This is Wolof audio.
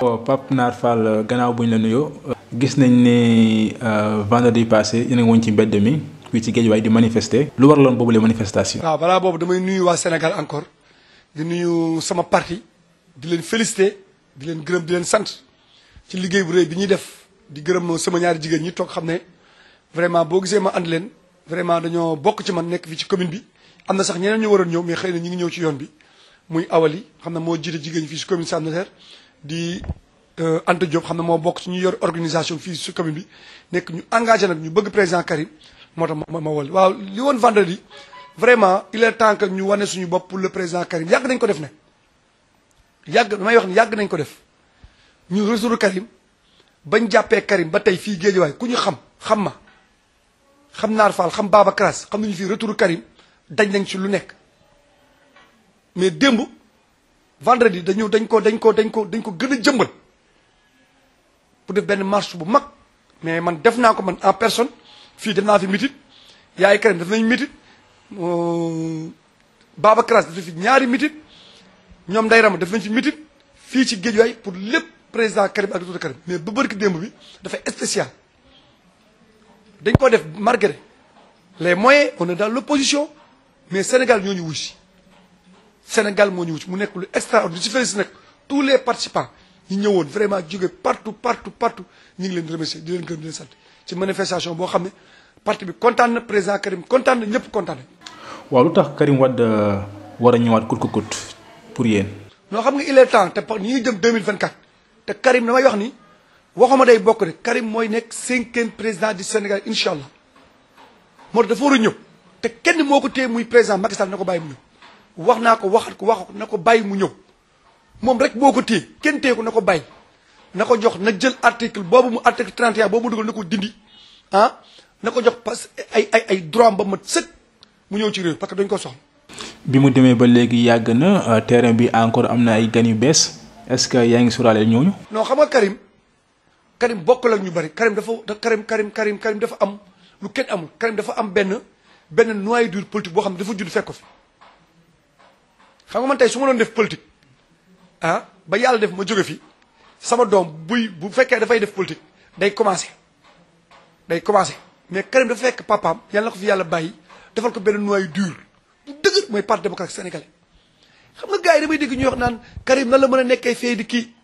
Oh, Pape Nar Fall gannaaw bu ñu la nuyoo. gis nañ ni euh, vendredi passé yéen a ngi woon ci mbedd mi fii ci géej waaye di manifester. lu waraloon boobu les manifestation waaw ah, balaa boobu damay nuyu waa Sénégal encore di nuyu sama parti di leen féliciter di leen gërëm di leen sant ci liggéey bu rëy bi ñuy def di gërëm sama ñaari jigéen ñi toog xam ne vraiment boo gisee ma ànd leen vraiment dañoo bokk ci man nekk fii ci commune bi am na sax ñeneen ñu waroon ñëw mais xëy na ñu ngi ñëw ci yoon bi muy awali xam ne moo jiite jigéen fii ci commune Sam Notaire di euh, Anta Diop xam ne moo bokk ci ñu yor organisation fii su commune bi nekk ñu engagé nag ñu bëgg président Karim moo tax ma ma wol waaw li woon vendredi vraiment il est temps que ñu wane suñu bopp pour le président Karim yàgg nañ ko def nag yàgg damay yàgg nañ ko def ñu résoudre Karim bañ jàppee Karim ba tey fii géej Géejawaay ku ñu xam xam ma xam Naar Fall xam Baba Crass xam nañu fii retour Karim dañ nañ si lu nekk mais démb. vendredi dañu dañ ko dañ ko dañ ko dañ ko gën a jëmbal pour def benn marche bu mag mais man def naa ko man en personne fii def naa fi mitit yaay Karim def nañu mitit euh, Babacar def fi ñaari mitit ñoom day Ndeye Rama def nañ fi mitit fii ci géej Guédiawaye pour lépp président Karim ak docteur Karim mais ba bërki démb bi dafa spécial dañ ko def malgré les moyens on daal dans l'opposition mais Sénégal ñoo ñu wuy Sénégal moo ñu wut mu nekk lu extraordinaire si félicité nag tous les participants ñi ñëwoon vraiment jóge partout partout partout ñu ngi leen di remercier di leen gërëm di leen sant ci manifestation boo xam ne parti bi kontaan na président Karim kontaan na ñëpp kontaan na. waaw lu tax Karim Wade euh, war a ñëwaat kut kut pour yéen. noo xam nga il est temps te ñi ngi jëm 2024 te Karim damay wax ni waxuma day bokk rek Karim mooy nekk cinquième président du Sénégal incha allah moo tax dafa war te kenn moo ko téye muy président Macky Sall na ko bàyyi mu ñëw. wax naa ko waxat ko wax ko na ko bàyyi mu ñëw moom rek boo ko téye kenn téye ko na ko bàyyi na ko jox na jël article boobu mu article 31 boobu mu dugal na ko dindi ah na ko jox parce ay ay ay droit ba mat sëkk mu ñëw ci réew parce que dañ ko soxla. bi mu demee ba léegi yàgg na euh, terrain bi encore am na ay gan yu bees est que yaa ngi sóoraale ñooñu. noo xam nga Karim Karim bokk ak ñu bari Karim dafa Karim Karim Karim Karim dafa am lu kenn amul Karim dafa am benn benn noyau dur politique boo xam ne dafa judd fekk ko fi. xam nga man tey su ma doon def politique ah ba yàlla def ma jóge fi sama doom buy bu fekkee dafay def politique day commencé day commencé mais Karim dafa fekk papaam yàlla na ko fi yàlla bàyyi defal ko benn noyau dur bu dëgër mooy parti démocratique sénégalais xam nga gars yi damay dégg ñuy wax naan Karim nan la mën a nekkee fee di kii.